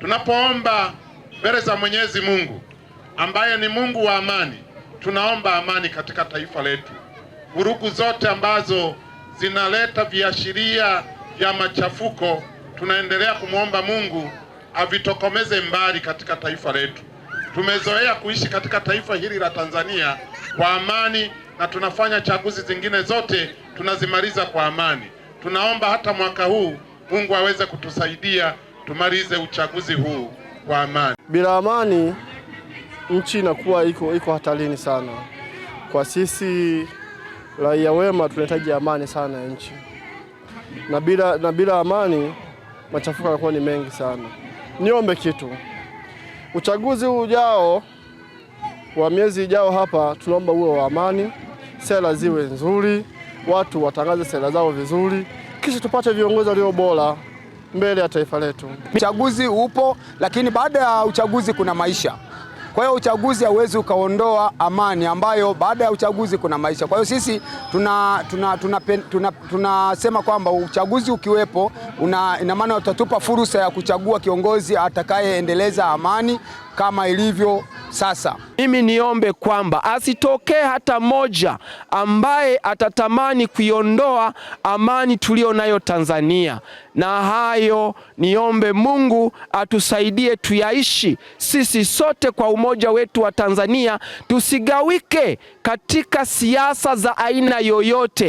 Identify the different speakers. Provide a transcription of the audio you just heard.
Speaker 1: Tunapoomba mbele za Mwenyezi Mungu ambaye ni Mungu wa amani, tunaomba amani katika taifa letu. Vurugu zote ambazo zinaleta viashiria vya machafuko, tunaendelea kumwomba Mungu avitokomeze mbali katika taifa letu. Tumezoea kuishi katika taifa hili la Tanzania kwa amani, na tunafanya chaguzi zingine zote tunazimaliza kwa amani. Tunaomba hata mwaka huu Mungu aweze kutusaidia tumalize uchaguzi huu kwa amani.
Speaker 2: Bila amani, nchi inakuwa iko iko hatarini sana. Kwa sisi raia wema, tunahitaji amani sana ya nchi, na bila, na bila amani machafuko yanakuwa ni mengi sana. Niombe kitu, uchaguzi ujao wa miezi ijao hapa, tunaomba uwe wa amani, sera ziwe nzuri, watu watangaze sera zao vizuri, kisha tupate viongozi walio bora mbele ya taifa letu.
Speaker 3: Uchaguzi upo, lakini baada ya uchaguzi kuna maisha. Kwa hiyo uchaguzi hauwezi ukaondoa amani ambayo baada ya uchaguzi kuna maisha. Kwa hiyo sisi tunasema tuna, tuna, tuna, tuna, tuna kwamba uchaguzi ukiwepo una, ina maana utatupa fursa ya kuchagua kiongozi atakayeendeleza amani kama ilivyo sasa
Speaker 4: mimi niombe kwamba asitokee hata moja ambaye atatamani kuiondoa amani tuliyo nayo Tanzania, na hayo niombe Mungu atusaidie tuyaishi sisi sote kwa umoja wetu wa Tanzania, tusigawike katika siasa za aina yoyote.